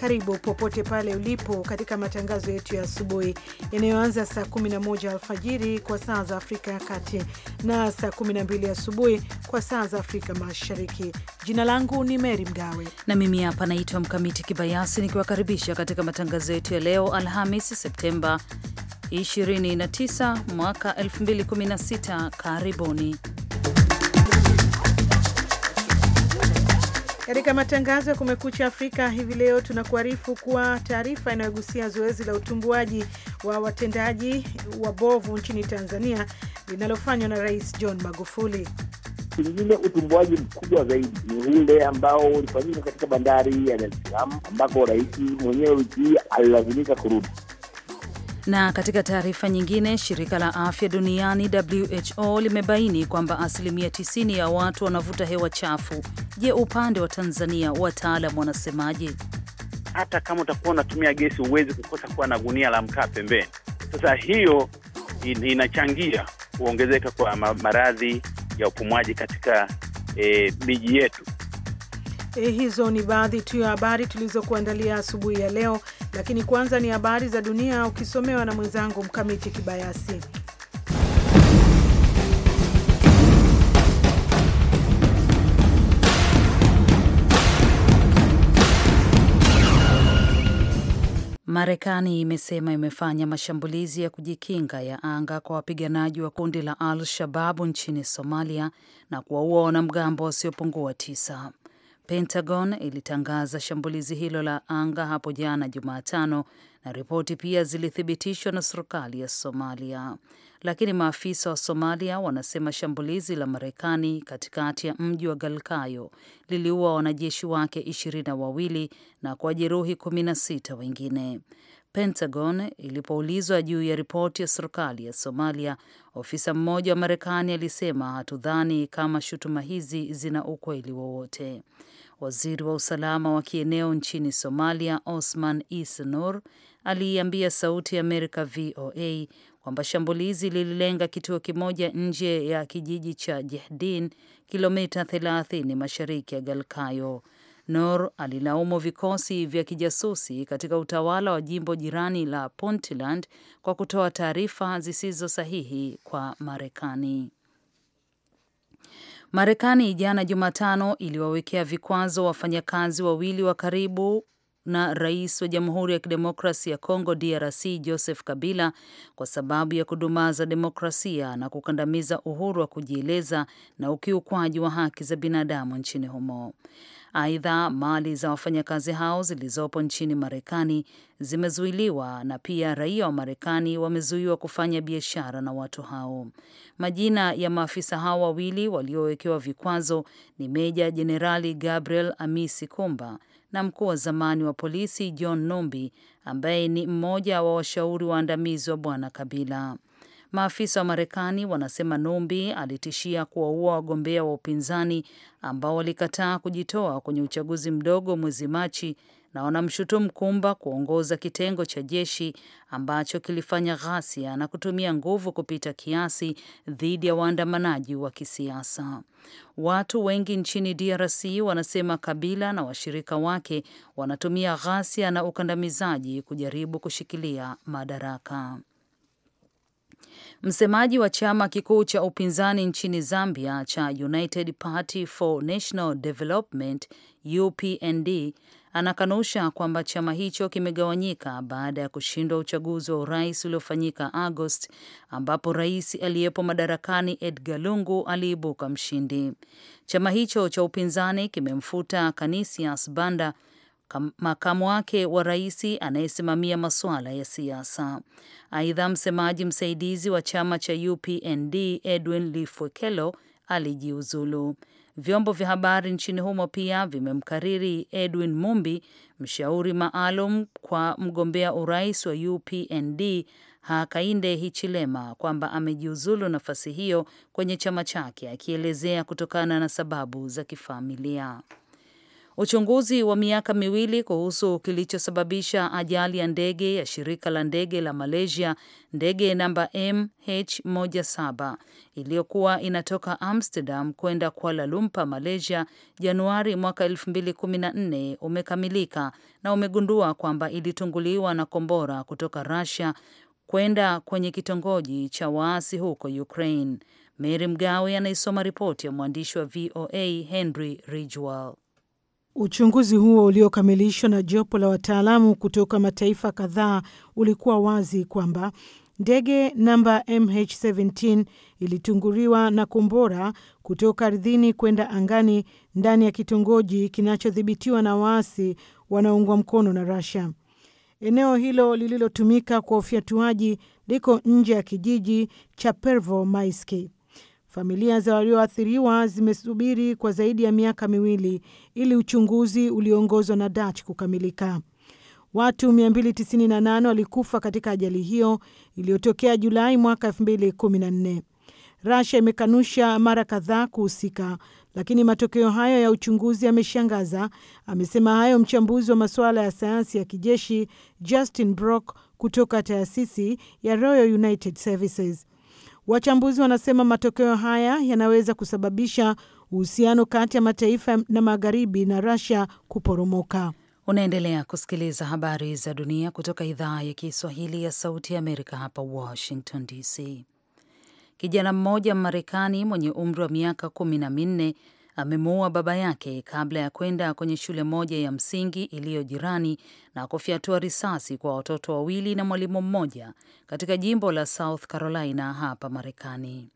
Karibu popote pale ulipo katika matangazo yetu ya asubuhi yanayoanza saa 11 alfajiri kwa saa za Afrika ya Kati na saa 12 asubuhi kwa saa za Afrika Mashariki. Jina langu ni Meri Mgawe na mimi hapa naitwa Mkamiti Kibayasi nikiwakaribisha katika matangazo yetu ya leo Alhamis Septemba 29 mwaka 2016. Karibuni. Katika matangazo ya Kumekucha Afrika hivi leo tunakuarifu kuwa taarifa inayogusia zoezi la utumbuaji wa watendaji wabovu nchini Tanzania linalofanywa na Rais John Magufuli. Pengine utumbuaji mkubwa zaidi ni ule ambao ulifanyika katika bandari ya Dar es Salaam ambako rais mwenyewe wiki hii alilazimika kurudi. Na katika taarifa nyingine, shirika la afya duniani WHO limebaini kwamba asilimia 90 ya watu wanavuta hewa chafu. Je, upande wa Tanzania wataalam wanasemaje? Hata kama utakuwa unatumia gesi, huwezi kukosa kuwa na gunia la mkaa pembeni. Sasa hiyo inachangia kuongezeka kwa maradhi ya upumwaji katika e, miji yetu. E, hizo ni baadhi tu ya habari tulizokuandalia asubuhi ya leo lakini kwanza ni habari za dunia ukisomewa na mwenzangu Mkamiti Kibayasi. Marekani imesema imefanya mashambulizi ya kujikinga ya anga kwa wapiganaji wa kundi la Al Shababu nchini Somalia na kuwaua wanamgambo wasiopungua tisa. Pentagon ilitangaza shambulizi hilo la anga hapo jana Jumatano, na ripoti pia zilithibitishwa na serikali ya Somalia. Lakini maafisa wa Somalia wanasema shambulizi la Marekani katikati ya mji wa Galkayo liliua wanajeshi wake ishirini na wawili na kuwajeruhi kumi na sita wengine. Pentagon ilipoulizwa juu ya ripoti ya serikali ya Somalia, ofisa mmoja wa Marekani alisema hatudhani kama shutuma hizi zina ukweli wowote. Waziri wa usalama wa kieneo nchini Somalia, Osman Is aliiambia Sauti ya Amerika VOA kwamba shambulizi lililenga kituo kimoja nje ya kijiji cha Jehdin, kilomita 30 mashariki ya Galkayo. Nur alilaumu vikosi vya kijasusi katika utawala wa jimbo jirani la Puntland kwa kutoa taarifa zisizo sahihi kwa Marekani. Marekani jana Jumatano iliwawekea vikwazo wafanyakazi wawili wa karibu na rais wa Jamhuri ya Kidemokrasi ya Kongo DRC Joseph Kabila kwa sababu ya kudumaza demokrasia na kukandamiza uhuru wa kujieleza na ukiukwaji wa haki za binadamu nchini humo. Aidha, mali za wafanyakazi hao zilizopo nchini Marekani zimezuiliwa na pia raia wa Marekani wamezuiwa kufanya biashara na watu hao. Majina ya maafisa hao wawili waliowekewa vikwazo ni Meja Jenerali Gabriel Amisi Kumba na mkuu wa zamani wa polisi John Numbi ambaye ni mmoja wa washauri waandamizi wa Bwana Kabila. Maafisa wa Marekani wanasema Numbi alitishia kuwaua wagombea wa upinzani ambao walikataa kujitoa kwenye uchaguzi mdogo mwezi Machi na wanamshutumu Kumba kuongoza kitengo cha jeshi ambacho kilifanya ghasia na kutumia nguvu kupita kiasi dhidi ya waandamanaji wa kisiasa. Watu wengi nchini DRC wanasema Kabila na washirika wake wanatumia ghasia na ukandamizaji kujaribu kushikilia madaraka. Msemaji wa chama kikuu cha upinzani nchini Zambia cha United Party for National Development UPND anakanusha kwamba chama hicho kimegawanyika baada ya kushindwa uchaguzi wa urais uliofanyika Agosti, ambapo rais aliyepo madarakani Edgar Lungu aliibuka mshindi. Chama hicho cha upinzani kimemfuta Canisius Banda makamu wake wa rais anayesimamia masuala ya siasa. Aidha, msemaji msaidizi wa chama cha UPND Edwin Lifwekelo alijiuzulu. Vyombo vya habari nchini humo pia vimemkariri Edwin Mumbi, mshauri maalum kwa mgombea urais wa UPND Hakainde Hichilema, kwamba amejiuzulu nafasi hiyo kwenye chama chake, akielezea kutokana na sababu za kifamilia. Uchunguzi wa miaka miwili kuhusu kilichosababisha ajali ya ndege ya shirika la ndege la Malaysia, ndege namba MH17 iliyokuwa inatoka Amsterdam kwenda Kuala Lumpur, Malaysia, Januari mwaka 2014 umekamilika na umegundua kwamba ilitunguliwa na kombora kutoka Russia kwenda kwenye kitongoji cha waasi huko Ukraine. Mary Mgawe anaisoma ripoti ya mwandishi wa VOA Henry Ridgewell. Uchunguzi huo uliokamilishwa na jopo la wataalamu kutoka mataifa kadhaa ulikuwa wazi kwamba ndege namba MH17 ilitunguriwa na kombora kutoka ardhini kwenda angani ndani ya kitongoji kinachodhibitiwa na waasi wanaoungwa mkono na Russia. Eneo hilo lililotumika kwa ufyatuaji liko nje ya kijiji cha Pervomaiski. Familia za walioathiriwa zimesubiri kwa zaidi ya miaka miwili ili uchunguzi ulioongozwa na Dutch kukamilika. Watu 298 walikufa katika ajali hiyo iliyotokea Julai mwaka 2014. Russia imekanusha mara kadhaa kuhusika, lakini matokeo hayo ya uchunguzi yameshangaza. Amesema hayo mchambuzi wa masuala ya sayansi ya kijeshi Justin Brock kutoka taasisi ya Royal United Services. Wachambuzi wanasema matokeo haya yanaweza kusababisha uhusiano kati ya mataifa na magharibi na Russia kuporomoka. Unaendelea kusikiliza habari za dunia kutoka idhaa ya Kiswahili ya Sauti ya Amerika, hapa Washington DC. Kijana mmoja marekani mwenye umri wa miaka kumi na minne amemuua baba yake kabla ya kwenda kwenye shule moja ya msingi iliyo jirani na kufyatua risasi kwa watoto wawili na mwalimu mmoja katika jimbo la South Carolina hapa Marekani.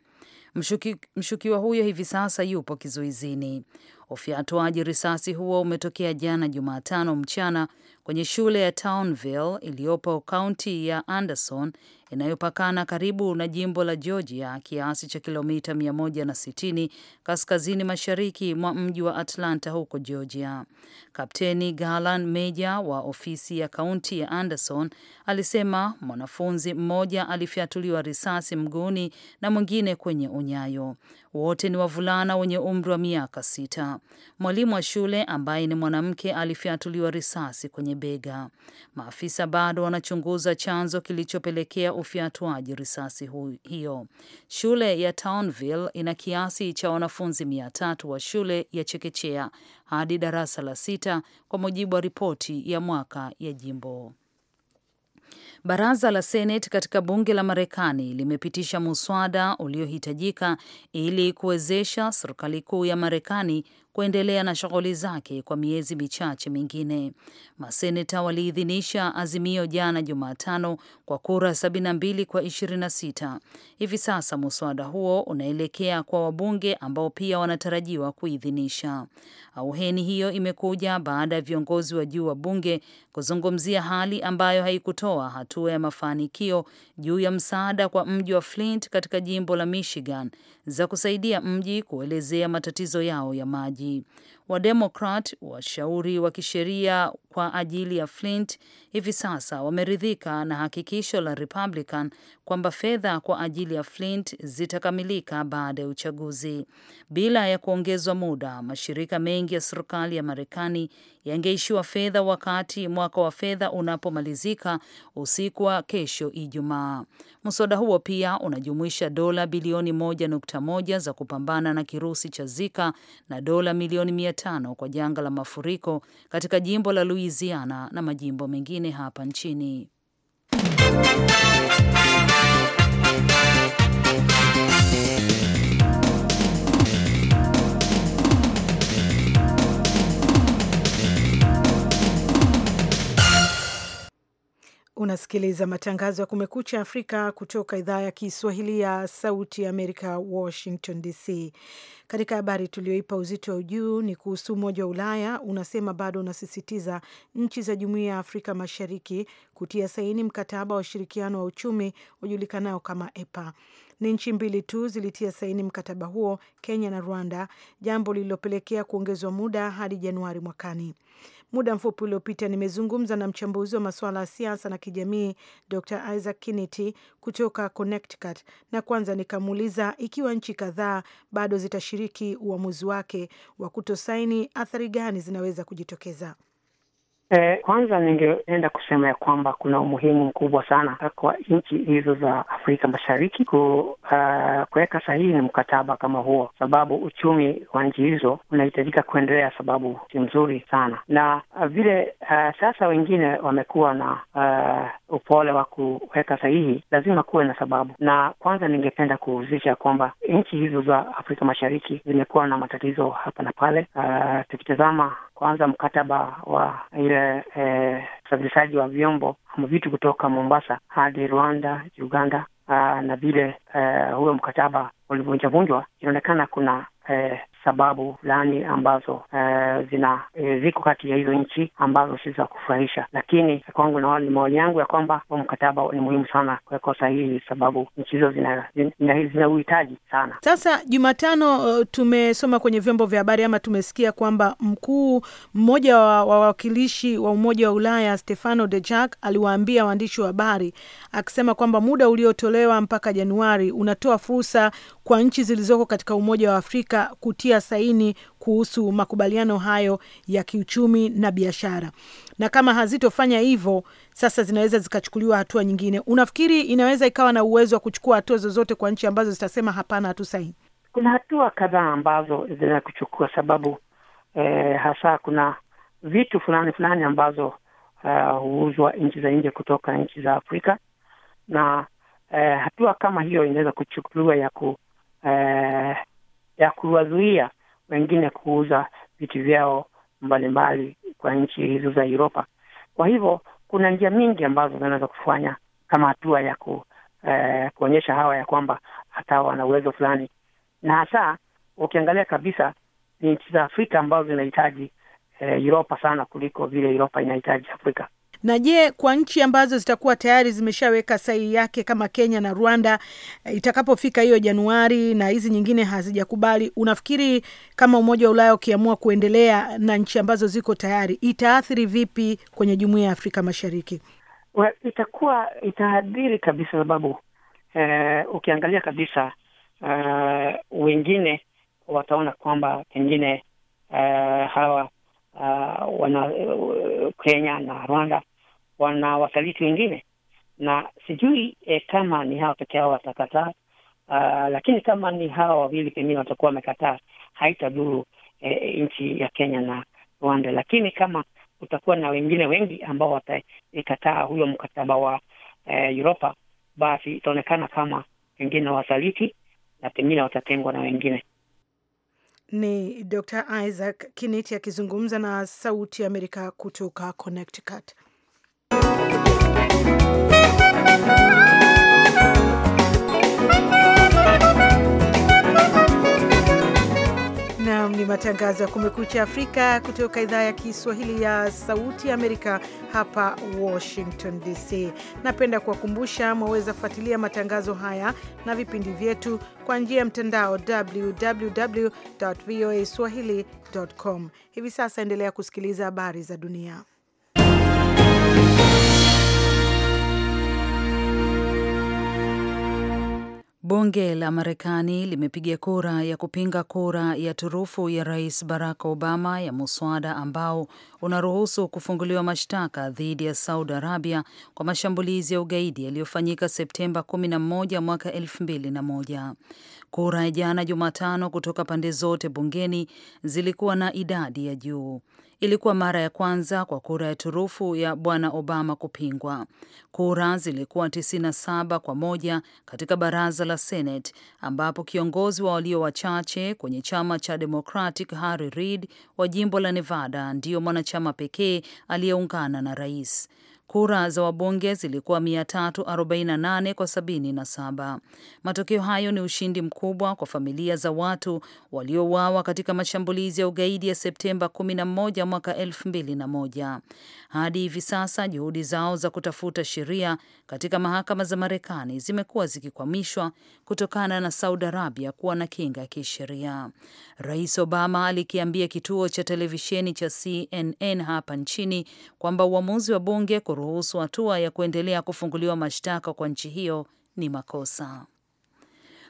Mshuki, mshukiwa huyo hivi sasa yupo kizuizini. Ufyatuaji risasi huo umetokea jana Jumatano mchana kwenye shule ya Townville iliyopo kaunti ya Anderson inayopakana karibu na jimbo la Georgia kiasi cha kilomita 160 kaskazini mashariki mwa mji wa Atlanta huko Georgia. Kapteni galan Meja wa ofisi ya kaunti ya Anderson alisema mwanafunzi mmoja alifyatuliwa risasi mguuni na mwingine kwenye unyayo. Wote ni wavulana wenye umri wa miaka sita. Mwalimu wa shule ambaye ni mwanamke alifyatuliwa risasi kwenye bega. Maafisa bado wanachunguza chanzo kilichopelekea ufyatuaji risasi hiyo. Shule ya Townville ina kiasi cha wanafunzi mia tatu wa shule ya chekechea hadi darasa la sita, kwa mujibu wa ripoti ya mwaka ya jimbo. Baraza la Seneti katika bunge la Marekani limepitisha muswada uliohitajika ili kuwezesha serikali kuu ya Marekani kuendelea na shughuli zake kwa miezi michache mingine. Maseneta waliidhinisha azimio jana Jumatano kwa kura 72 kwa 26. Hivi sasa muswada huo unaelekea kwa wabunge ambao pia wanatarajiwa kuidhinisha. Auheni hiyo imekuja baada ya viongozi wa juu wa bunge kuzungumzia hali ambayo haikutoa hatua ya mafanikio juu ya msaada kwa mji wa Flint katika jimbo la Michigan za kusaidia mji kuelezea matatizo yao ya maji. Wademokrat washauri wa kisheria kwa ajili ya Flint hivi sasa wameridhika na hakikisho la Republican kwamba fedha kwa ajili ya Flint zitakamilika baada ya uchaguzi. Bila ya kuongezwa muda, mashirika mengi ya serikali ya Marekani yangeishiwa fedha wakati mwaka wa fedha unapomalizika usiku wa kesho Ijumaa. Mswada huo pia unajumuisha dola bilioni 1.1 za kupambana na kirusi cha Zika na dola milioni tano kwa janga la mafuriko katika jimbo la Louisiana na majimbo mengine hapa nchini. Unasikiliza matangazo ya Kumekucha Afrika kutoka idhaa ya Kiswahili ya Sauti ya Amerika, Washington DC. Katika habari tuliyoipa uzito wa juu ni kuhusu Umoja wa Ulaya unasema bado unasisitiza nchi za Jumuiya ya Afrika Mashariki kutia saini mkataba wa ushirikiano wa uchumi ujulikanao kama EPA. Ni nchi mbili tu zilitia saini mkataba huo, Kenya na Rwanda, jambo lililopelekea kuongezwa muda hadi Januari mwakani. Muda mfupi uliopita nimezungumza na mchambuzi wa masuala ya siasa na kijamii Dr Isaac Kiniti kutoka Connecticut, na kwanza nikamuuliza ikiwa nchi kadhaa bado zitashiriki uamuzi wake wa kutosaini, athari gani zinaweza kujitokeza. Eh, kwanza ningependa kusema ya kwamba kuna umuhimu mkubwa sana kwa nchi hizo za Afrika Mashariki ku, uh, kuweka sahihi mkataba kama huo, sababu uchumi wa nchi hizo unahitajika kuendelea, sababu si mzuri sana na vile uh, sasa wengine wamekuwa na uh, upole wa kuweka sahihi, lazima kuwe na sababu. Na kwanza, ningependa kuhusisha kwamba nchi hizo za Afrika Mashariki zimekuwa na matatizo hapa na pale. Uh, tukitazama kwanza mkataba wa ile eh, wa vyombo ama vitu kutoka Mombasa hadi Rwanda, Uganda, uh, na vile uh, eh, huyo mkataba ulivunjavunjwa inaonekana kuna eh, sababu fulani ambazo uh, zina eh, ziko kati ya hizo nchi ambazo si za kufurahisha, lakini kwangu na ni maoni yangu ya kwamba huu mkataba ni muhimu sana kuwekwa sahihi, sababu nchi hizo zina, zina, zina uhitaji sana. Sasa Jumatano uh, tumesoma kwenye vyombo vya habari ama tumesikia kwamba mkuu mmoja wa wawakilishi wa Umoja wa Ulaya Stefano de Jack aliwaambia waandishi wa habari akisema kwamba muda uliotolewa mpaka Januari unatoa fursa kwa nchi zilizoko katika Umoja wa Afrika kutia kutia saini kuhusu makubaliano hayo ya kiuchumi na biashara, na kama hazitofanya hivyo, sasa zinaweza zikachukuliwa hatua nyingine. Unafikiri inaweza ikawa na uwezo wa kuchukua hatua zozote kwa nchi ambazo zitasema hapana, hatusaini? Kuna hatua kadhaa ambazo zinaweza kuchukua sababu eh, hasa kuna vitu fulani fulani ambazo eh, huuzwa uh, nchi za nje kutoka nchi za Afrika na eh, hatua kama hiyo inaweza kuchukuliwa ya ku eh, ya kuwazuia wengine kuuza vitu vyao mbalimbali kwa nchi hizo za Uropa. Kwa hivyo kuna njia mingi ambazo zinaweza kufanya kama hatua ya ku, eh, kuonyesha hawa ya kwamba hata wana uwezo fulani, na hasa ukiangalia kabisa ni nchi za Afrika ambazo zinahitaji eh, Uropa sana kuliko vile Uropa inahitaji Afrika. Na je, kwa nchi ambazo zitakuwa tayari zimeshaweka sahihi yake kama Kenya na Rwanda eh, itakapofika hiyo Januari na hizi nyingine hazijakubali, unafikiri kama Umoja wa Ulaya ukiamua kuendelea na nchi ambazo ziko tayari itaathiri vipi kwenye Jumuiya ya Afrika Mashariki? Well, itakuwa itaadhiri kabisa sababu eh, ukiangalia kabisa uh, wengine wataona kwamba pengine uh, hawa Uh, wana uh, Kenya na Rwanda wana wasaliti wengine, na sijui e, kama ni hawa peke yao watakataa. Uh, lakini kama ni hawa wawili pengine watakuwa wamekataa, haitaduru e, eh, eh, nchi ya Kenya na Rwanda, lakini kama kutakuwa na wengine wengi ambao wataikataa huyo mkataba wa e, Uropa, basi itaonekana kama pengine wasaliti na pengine watatengwa na wengine. Ni Dr. Isaac Kiniti akizungumza na Sauti Amerika kutoka Connecticut. Matangazo ya Kumekucha Afrika kutoka idhaa ya Kiswahili ya Sauti Amerika hapa Washington DC. Napenda kuwakumbusha mwaweza kufuatilia matangazo haya na vipindi vyetu kwa njia ya mtandao wwwvoa swahili.com. Hivi sasa endelea kusikiliza habari za dunia. Bunge la Marekani limepiga kura ya kupinga kura ya turufu ya Rais Barack Obama ya muswada ambao unaruhusu kufunguliwa mashtaka dhidi ya Saudi Arabia kwa mashambulizi ya ugaidi yaliyofanyika Septemba 11 mwaka 2001. Kura ya jana Jumatano kutoka pande zote bungeni zilikuwa na idadi ya juu. Ilikuwa mara ya kwanza kwa kura ya turufu ya bwana Obama kupingwa. Kura zilikuwa 97 kwa moja katika baraza la Senate, ambapo kiongozi wa walio wachache kwenye chama cha Democratic Harry Reid wa jimbo la Nevada ndiyo mwanachama pekee aliyeungana na rais. Kura za wabunge zilikuwa 348 kwa 77. Matokeo hayo ni ushindi mkubwa kwa familia za watu waliouawa katika mashambulizi ya ugaidi ya Septemba 11 mwaka 2001. Hadi hivi sasa juhudi zao za kutafuta sheria katika mahakama za Marekani zimekuwa zikikwamishwa kutokana na Saudi Arabia kuwa na kinga ya kisheria. Rais Obama alikiambia kituo cha televisheni cha CNN hapa nchini kwamba uamuzi wa bunge kuruhusu hatua ya kuendelea kufunguliwa mashtaka kwa nchi hiyo ni makosa.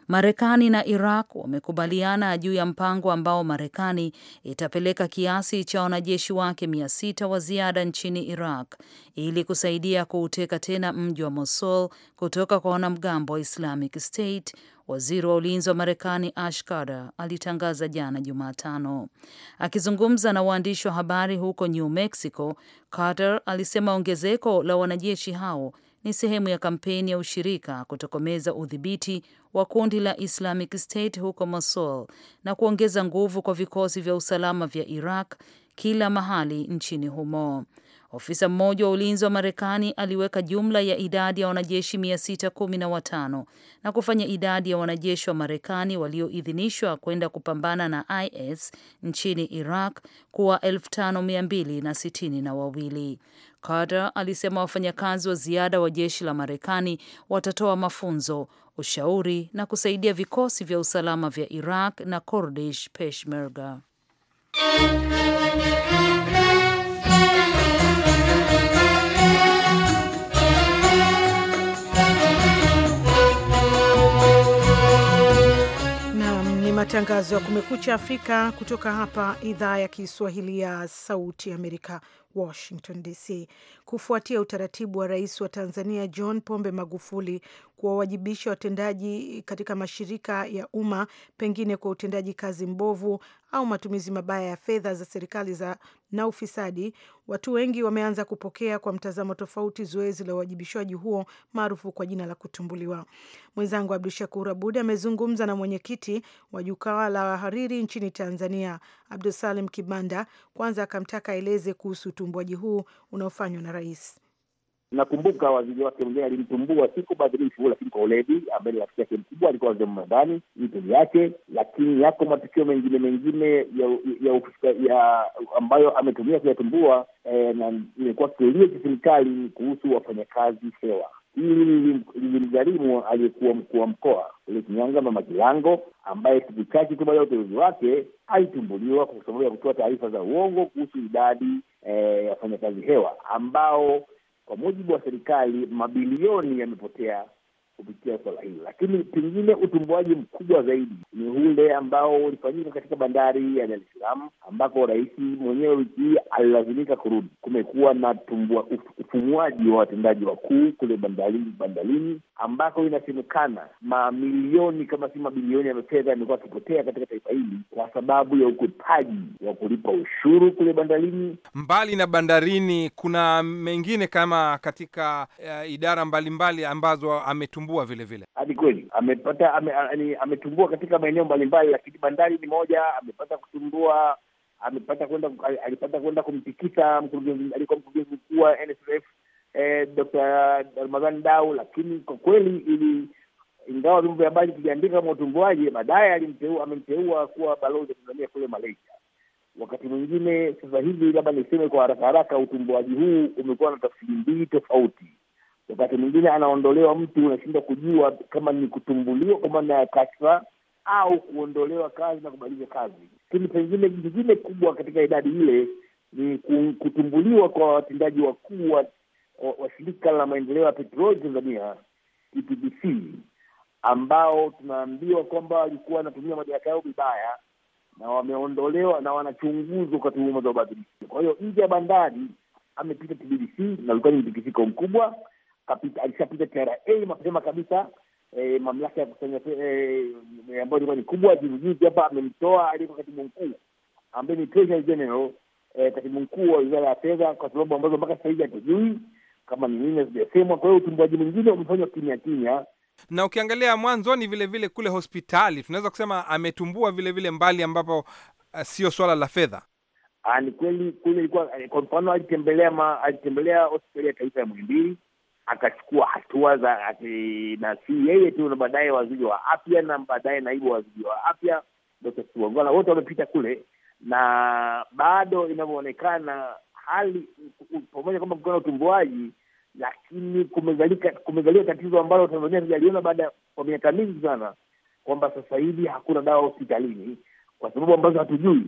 Marekani na Iraq wamekubaliana juu ya mpango ambao Marekani itapeleka kiasi cha wanajeshi wake mia sita wa ziada nchini Iraq ili kusaidia kuuteka tena mji wa Mosul kutoka kwa wanamgambo wa Islamic State. Waziri wa ulinzi wa Marekani Ash Carter alitangaza jana Jumatano. Akizungumza na waandishi wa habari huko New Mexico, Carter alisema ongezeko la wanajeshi hao ni sehemu ya kampeni ya ushirika kutokomeza udhibiti wa kundi la Islamic State huko Mosul na kuongeza nguvu kwa vikosi vya usalama vya Iraq kila mahali nchini humo. Ofisa mmoja wa ulinzi wa Marekani aliweka jumla ya idadi ya wanajeshi 615 na kufanya idadi ya wanajeshi wa Marekani walioidhinishwa kwenda kupambana na IS nchini Iraq kuwa 5262. na na wawili. Carter alisema wafanyakazi wa ziada wa jeshi la Marekani watatoa mafunzo, ushauri na kusaidia vikosi vya usalama vya Iraq na Kurdish Peshmerga. matangazo ya kumekucha Afrika kutoka hapa idhaa ya Kiswahili ya Sauti Amerika, Washington DC. Kufuatia utaratibu wa rais wa Tanzania John Pombe Magufuli kuwawajibisha watendaji katika mashirika ya umma pengine kwa utendaji kazi mbovu au matumizi mabaya ya fedha za serikali za na ufisadi. Watu wengi wameanza kupokea kwa mtazamo tofauti zoezi la uwajibishwaji huo maarufu kwa jina la kutumbuliwa. Mwenzangu Abdu Shakur Abud amezungumza na mwenyekiti wa jukwaa la wahariri nchini Tanzania, Abdusalim Kibanda, kwanza akamtaka aeleze kuhusu utumbuaji huu unaofanywa na rais. Nakumbuka waziri wake mwenyewe alimtumbua, si kwa lakini kwa uledi, ambaye ni rafiki yake mkubwa, alikuwa waziri wa ni peli yake. Lakini yako matukio mengine mengine ya, ya, ya ambayo ametumia kuyatumbua eh, na imekuwa kilio cha serikali kuhusu wafanyakazi hewa. Hili lilimgharimu aliyekuwa mkuu wa mkoa ule Kinyanga, Mama Kilango, ambaye siku chache tu baada ya uteuzi wake alitumbuliwa kwa sababu ya kutoa taarifa za uongo kuhusu idadi eh, ya eh, wafanyakazi hewa ambao kwa mujibu wa serikali, mabilioni yamepotea kupitia swala hili, lakini pengine utumbuaji mkubwa zaidi ni ule ambao ulifanyika katika bandari ya Dar es Salaam ambako rais mwenyewe wiki hii alilazimika kurudi. Kumekuwa na tumbua ufumuaji wa watendaji wakuu kule bandarini bandarini, ambako inasemekana mamilioni kama si mabilioni ya fedha yamekuwa akipotea katika taifa hili kwa sababu ya ukwepaji wa kulipa ushuru kule bandarini. Mbali na bandarini, kuna mengine kama katika uh, idara mbalimbali mbali ambazo ametum ametumbua vile vile. Hadi kweli amepata ame, ame, ametumbua katika maeneo mbalimbali, lakini bandari ni moja. Amepata kutumbua, amepata kwenda, alipata kwenda kumtikisa mkurugenzi, alikuwa mkurugenzi mkuu wa NSSF eh, Dr. Ramadhani Dau, lakini kwa kweli ili ingawa vyombo vya habari vijaandika kama utumbuaji, baadaye amemteua kuwa balozi wa Tanzania kule Malaysia. Wakati mwingine, sasa hivi, labda niseme kwa haraka haraka, utumbuaji huu umekuwa na tafsiri mbili tofauti. Wakati mwingine anaondolewa mtu, unashindwa kujua kama ni kutumbuliwa kwa maana ya kashfa au kuondolewa kazi na kubadilishwa kazi. Lakini pengine jingine kubwa katika idadi ile ni kutumbuliwa kwa watendaji wakuu wa, wa shirika la maendeleo ya petroli Tanzania TPDC ambao tunaambiwa kwamba walikuwa wanatumia madaraka yao vibaya na wameondolewa na wanachunguzwa kwa tuhuma za ubadhirifu. Kwa hiyo nje ya bandari amepita TBDC na ulikuwa ni mtikisiko mkubwa, alishapita TRA mapema kabisa. E, mamlaka ya kusanya e, e, ambayo ilikuwa ni kubwa. Juzijuzi hapa amemtoa aliyekuwa katibu mkuu ambaye ni treasury general, e, katibu mkuu wa wizara ya fedha, kwa sababu ambazo mpaka sasa hivi hatujui kama ni nini, hazijasemwa. Kwa hiyo utumbuaji mwingine umefanywa kimya kimya na ukiangalia mwanzoni vile vile kule hospitali tunaweza kusema ametumbua vile vile mbali ambapo uh, sio swala la fedha. Ah, ni kweli kule ilikuwa eh, kwa mfano, alitembelea ma, alitembelea hospitali ya taifa ya Muhimbili akachukua hatua za ati, na si yeye tu, na baadaye waziri wa afya na baadaye naibu waziri wa afya Dkt. wote wamepita kule, na bado inavyoonekana hali pamoja kwamba kuna utumbuaji, lakini kumezaliwa tatizo ambalo Tanzania hatujaliona baada kwa miaka mingi sana, kwamba sasa hivi hakuna dawa hospitalini kwa sababu ambazo hatujui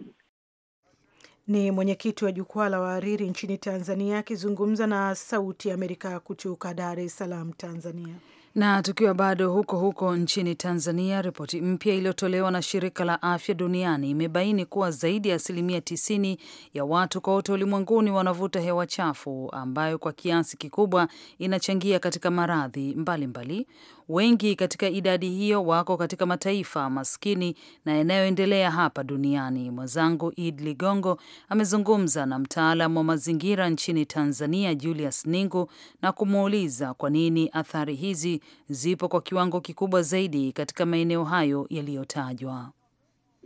ni mwenyekiti wa jukwaa la wahariri nchini Tanzania akizungumza na Sauti ya Amerika kutoka Dar es Salaam, Tanzania. Na tukiwa bado huko huko nchini Tanzania, ripoti mpya iliyotolewa na shirika la afya duniani imebaini kuwa zaidi ya asilimia tisini ya watu kote ulimwenguni wanavuta hewa chafu ambayo kwa kiasi kikubwa inachangia katika maradhi mbalimbali. Wengi katika idadi hiyo wako katika mataifa maskini na yanayoendelea hapa duniani. Mwenzangu Id Ligongo amezungumza na mtaalam wa mazingira nchini Tanzania, Julius Ningu, na kumuuliza kwa nini athari hizi zipo kwa kiwango kikubwa zaidi katika maeneo hayo yaliyotajwa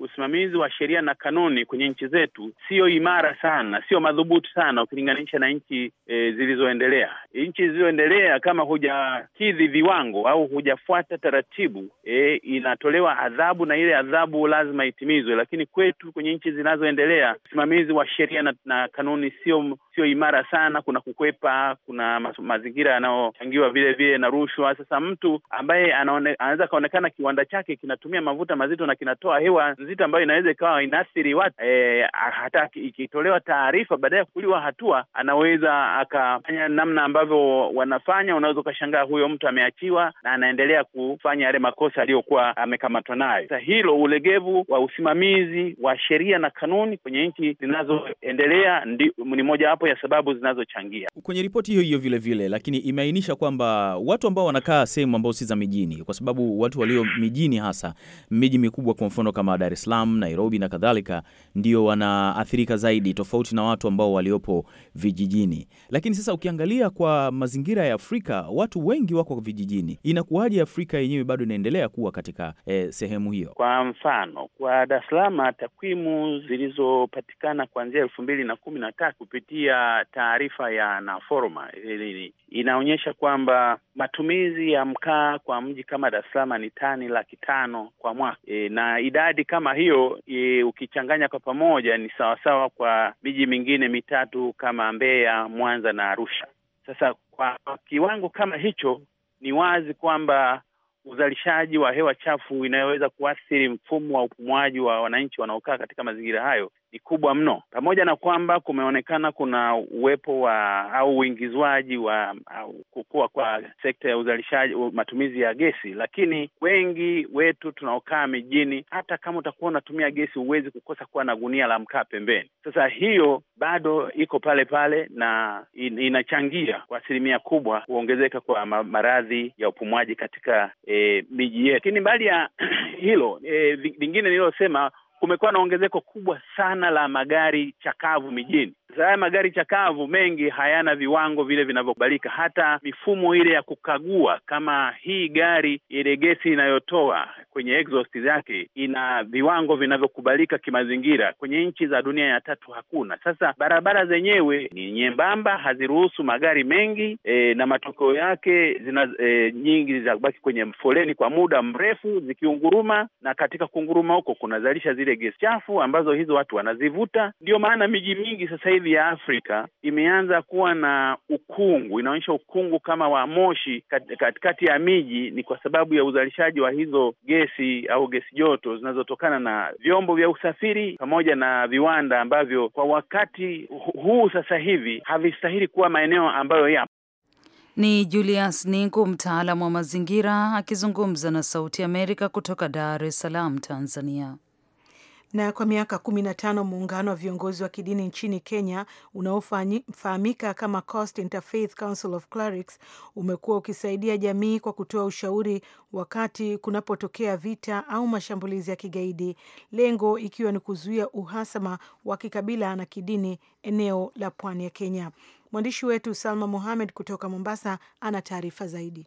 usimamizi wa sheria na kanuni kwenye nchi zetu sio imara sana, sio madhubuti sana ukilinganisha na nchi e, zilizoendelea. Nchi zilizoendelea kama hujakidhi viwango au hujafuata taratibu e, inatolewa adhabu na ile adhabu lazima itimizwe, lakini kwetu kwenye nchi zinazoendelea usimamizi wa sheria na, na kanuni sio sio imara sana. Kuna kukwepa, kuna mas, mazingira yanayochangiwa vile vile na rushwa. Sasa mtu ambaye anaweza kaonekana kiwanda chake kinatumia mavuta mazito na kinatoa hewa nzito ambayo inaweza ikawa inaathiri watu e, hata ikitolewa taarifa baadaye ya kuchukuliwa hatua, anaweza akafanya namna ambavyo wanafanya. Unaweza ukashangaa huyo mtu ameachiwa na anaendelea kufanya yale makosa aliyokuwa amekamatwa nayo. Sasa hilo ulegevu wa usimamizi wa sheria na kanuni kwenye nchi zinazoendelea ni mojawapo ya sababu zinazochangia. Kwenye ripoti hiyo hiyo vile vile, lakini imeainisha kwamba watu ambao wanakaa sehemu ambao si za mijini, kwa sababu watu walio mijini, hasa miji mikubwa, kwa mfano kama Dar es Salaam, Nairobi na kadhalika, ndio wanaathirika zaidi, tofauti na watu ambao waliopo vijijini. Lakini sasa ukiangalia kwa mazingira ya Afrika, watu wengi wako vijijini, inakuwaje Afrika yenyewe bado inaendelea kuwa katika eh, sehemu hiyo? Kwa mfano kwa Dar es Salaam, takwimu zilizopatikana kuanzia elfu mbili na kumi na tatu kupitia taarifa ya Naforma eh, inaonyesha kwamba matumizi ya mkaa kwa mji kama Dar es Salaam ni tani laki tano kwa mwaka e, na idadi kama kama hiyo e, ukichanganya kwa pamoja ni sawasawa kwa miji mingine mitatu kama Mbeya, Mwanza na Arusha. Sasa kwa kiwango kama hicho, ni wazi kwamba uzalishaji wa hewa chafu inayoweza kuathiri mfumo wa upumuaji wa wananchi wanaokaa katika mazingira hayo ni kubwa mno, pamoja na kwamba kumeonekana kuna uwepo wa au uingizwaji wa au kukua kwa sekta ya uzalishaji, matumizi ya gesi, lakini wengi wetu tunaokaa mijini, hata kama utakuwa unatumia gesi, huwezi kukosa kuwa na gunia la mkaa pembeni. Sasa hiyo bado iko pale pale na inachangia kwa asilimia kubwa kuongezeka kwa maradhi ya upumwaji katika e, miji yetu. Lakini mbali ya hilo e, eh, lingine nililosema kumekuwa na ongezeko kubwa sana la magari chakavu mijini. haya magari chakavu mengi hayana viwango vile vinavyokubalika, hata mifumo ile ya kukagua kama hii gari ile gesi inayotoa kwenye exhaust yake ina viwango vinavyokubalika kimazingira, kwenye nchi za dunia ya tatu hakuna. Sasa barabara zenyewe ni nyembamba, haziruhusu magari mengi e, na matokeo yake zina e, nyingi za kubaki kwenye foleni kwa muda mrefu zikiunguruma, na katika kunguruma huko kunazalisha zile zile gesi chafu ambazo hizo watu wanazivuta. Ndio maana miji mingi sasa hivi ya Afrika imeanza kuwa na ukungu, inaonyesha ukungu kama wa moshi katikati kat, kat ya miji, ni kwa sababu ya uzalishaji wa hizo gesi au gesi joto zinazotokana na vyombo vya usafiri pamoja na viwanda ambavyo kwa wakati huu sasa hivi havistahili kuwa maeneo ambayo yapo. Ni Julius Ningu, mtaalamu wa mazingira akizungumza na Sauti Amerika kutoka Dar es Salaam, Tanzania. Na kwa miaka tano muungano wa viongozi wa kidini nchini Kenya unaofahamika kama Coast Interfaith Council of Clerics umekuwa ukisaidia jamii kwa kutoa ushauri wakati kunapotokea vita au mashambulizi ya kigaidi, lengo ikiwa ni kuzuia uhasama wa kikabila na kidini eneo la pwani ya Kenya. Mwandishi wetu Salma Mohamed kutoka Mombasa ana taarifa zaidi.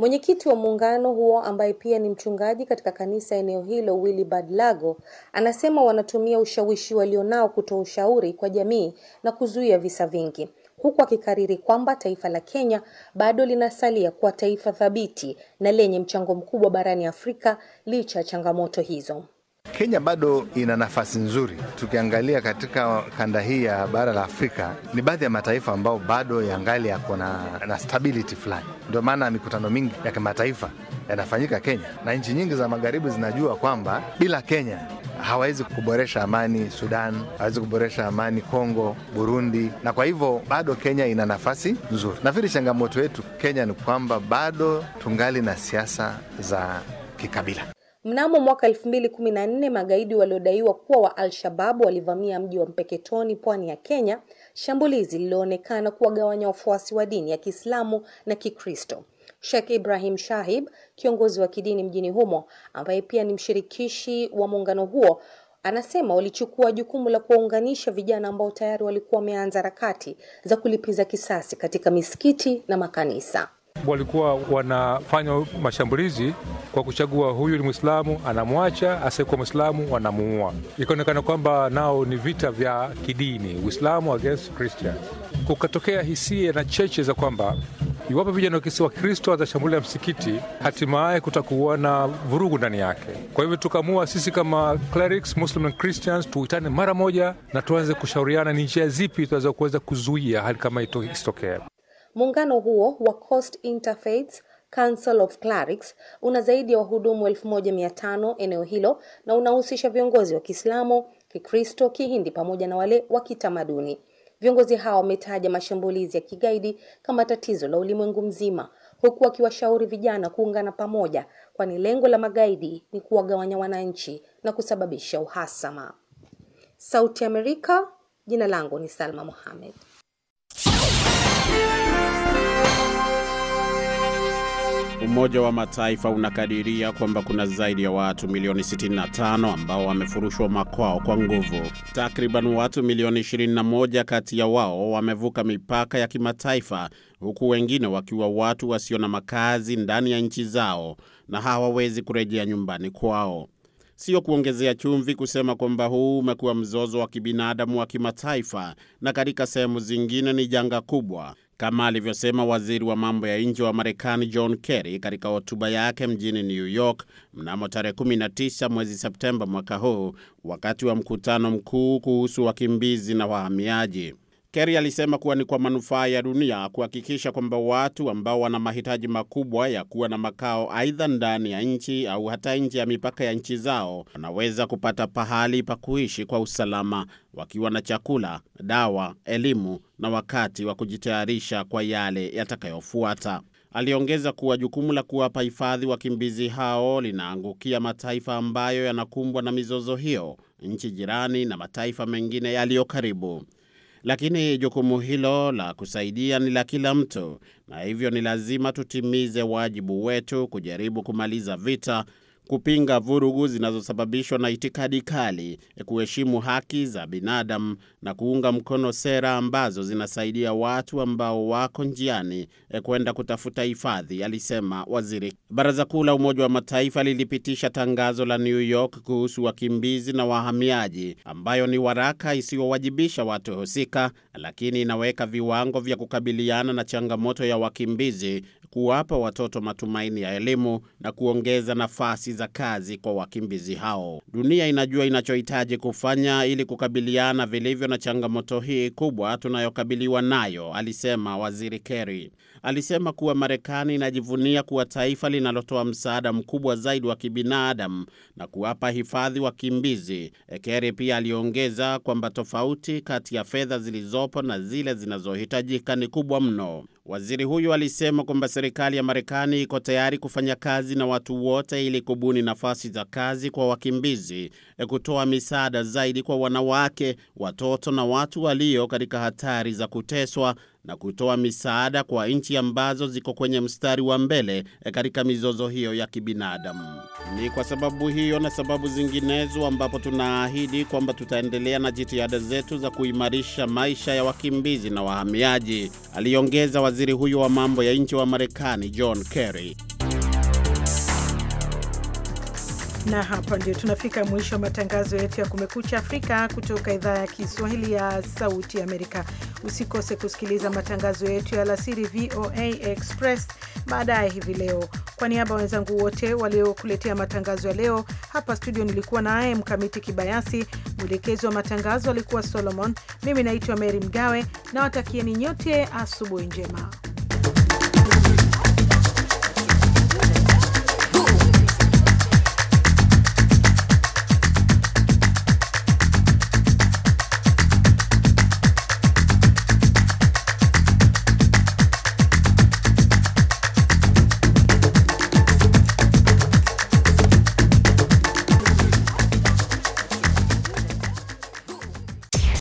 Mwenyekiti wa muungano huo ambaye pia ni mchungaji katika kanisa eneo hilo, Willy Lago, anasema wanatumia ushawishi walionao kutoa ushauri kwa jamii na kuzuia visa vingi, huku akikariri kwamba taifa la Kenya bado linasalia kuwa taifa thabiti na lenye mchango mkubwa barani Afrika licha ya changamoto hizo. Kenya bado ina nafasi nzuri. Tukiangalia katika kanda hii ya bara la Afrika, ni baadhi ya mataifa ambao bado yangali yako na stability fulani. Ndio maana mikutano mingi ya kimataifa yanafanyika Kenya, na nchi nyingi za magharibi zinajua kwamba bila Kenya hawawezi kuboresha amani Sudan, hawawezi kuboresha amani Kongo, Burundi, na kwa hivyo bado Kenya ina nafasi nzuri. Nafikiri changamoto yetu Kenya ni kwamba bado tungali na siasa za kikabila. Mnamo mwaka 2014 magaidi waliodaiwa kuwa wa Al-Shabaab walivamia mji wa Mpeketoni, pwani ya Kenya, shambulizi lililoonekana kuwagawanya wafuasi wa dini ya Kiislamu na Kikristo. Sheikh Ibrahim Shahib, kiongozi wa kidini mjini humo, ambaye pia ni mshirikishi wa muungano huo, anasema walichukua jukumu la kuwaunganisha vijana ambao tayari walikuwa wameanza harakati za kulipiza kisasi katika misikiti na makanisa walikuwa wanafanya mashambulizi kwa kuchagua huyu ni Mwislamu, anamwacha; asiyekuwa Mwislamu wanamuua. Ikaonekana kwamba nao ni vita vya kidini, Uislamu against Christian. Kukatokea hisia na cheche za kwamba iwapo vijana wa Kristo watashambulia msikiti, hatimaye kutakuwa na vurugu ndani yake. Kwa hivyo tukaamua sisi kama clerics, Muslim and Christians tuitane mara moja na tuanze kushauriana ni njia zipi tunaweza kuweza kuzuia hali kama isitokee. Muungano huo wa Coast Interfaith Council of Clerics una zaidi ya wa wahudumu 1500 eneo hilo na unahusisha viongozi wa Kiislamu, Kikristo, Kihindi pamoja na wale wa kitamaduni. Viongozi hao wametaja mashambulizi ya kigaidi kama tatizo la ulimwengu mzima, huku wakiwashauri vijana kuungana pamoja, kwani lengo la magaidi ni kuwagawanya wananchi na kusababisha uhasama. Sauti Amerika, jina langu ni Salma Mohamed. Umoja wa Mataifa unakadiria kwamba kuna zaidi ya watu milioni 65 ambao wamefurushwa makwao kwa nguvu. Takriban watu milioni 21 kati ya wao wamevuka mipaka ya kimataifa, huku wengine wakiwa watu wasio na makazi ndani ya nchi zao na hawawezi kurejea nyumbani kwao. Sio kuongezea chumvi kusema kwamba huu umekuwa mzozo wa kibinadamu wa kimataifa, na katika sehemu zingine ni janga kubwa kama alivyosema waziri wa mambo ya nje wa Marekani John Kerry katika hotuba yake mjini New York mnamo tarehe 19 mwezi Septemba mwaka huu wakati wa mkutano mkuu kuhusu wakimbizi na wahamiaji. Kerry alisema kuwa ni kwa manufaa ya dunia kuhakikisha kwamba watu ambao wana mahitaji makubwa ya kuwa na makao aidha ndani ya nchi au hata nje ya mipaka ya nchi zao wanaweza kupata pahali pa kuishi kwa usalama wakiwa na chakula, dawa, elimu na wakati wa kujitayarisha kwa yale yatakayofuata. Aliongeza kuwa jukumu la kuwapa hifadhi wakimbizi hao linaangukia mataifa ambayo yanakumbwa na mizozo hiyo, nchi jirani na mataifa mengine yaliyo karibu lakini jukumu hilo la kusaidia ni la kila mtu, na hivyo ni lazima tutimize wajibu wetu kujaribu kumaliza vita kupinga vurugu zinazosababishwa na itikadi kali, kuheshimu haki za binadamu na kuunga mkono sera ambazo zinasaidia watu ambao wako njiani eh, kwenda kutafuta hifadhi, alisema waziri. Baraza Kuu la Umoja wa Mataifa lilipitisha tangazo la New York kuhusu wakimbizi na wahamiaji, ambayo ni waraka isiyowajibisha watu husika, lakini inaweka viwango vya kukabiliana na changamoto ya wakimbizi, kuwapa watoto matumaini ya elimu na kuongeza nafasi za kazi kwa wakimbizi hao. Dunia inajua inachohitaji kufanya ili kukabiliana vilivyo na changamoto hii kubwa tunayokabiliwa nayo, alisema Waziri Kerry. Alisema kuwa Marekani inajivunia kuwa taifa linalotoa msaada mkubwa zaidi wa kibinadamu na kuwapa hifadhi wakimbizi. Kerry pia aliongeza kwamba tofauti kati ya fedha zilizopo na zile zinazohitajika ni kubwa mno. Waziri huyu alisema kwamba serikali ya Marekani iko tayari kufanya kazi na watu wote ili kubu kubuni nafasi za kazi kwa wakimbizi, eh, kutoa misaada zaidi kwa wanawake, watoto na watu walio katika hatari za kuteswa na kutoa misaada kwa nchi ambazo ziko kwenye mstari wa mbele eh, katika mizozo hiyo ya kibinadamu. Ni kwa sababu hiyo na sababu zinginezo ambapo tunaahidi kwamba tutaendelea na jitihada zetu za kuimarisha maisha ya wakimbizi na wahamiaji, aliongeza waziri huyo wa mambo ya nchi wa Marekani John Kerry. Na hapa ndio tunafika mwisho wa matangazo yetu ya Kumekucha Afrika kutoka idhaa ya Kiswahili ya Sauti Amerika. Usikose kusikiliza matangazo yetu ya alasiri, VOA Express, baadaye hivi leo. Kwa niaba wenzangu wote waliokuletea matangazo ya leo hapa studio, nilikuwa naye Mkamiti Kibayasi, mwelekezi wa matangazo alikuwa Solomon, mimi naitwa Mary Mgawe na watakieni nyote asubuhi njema.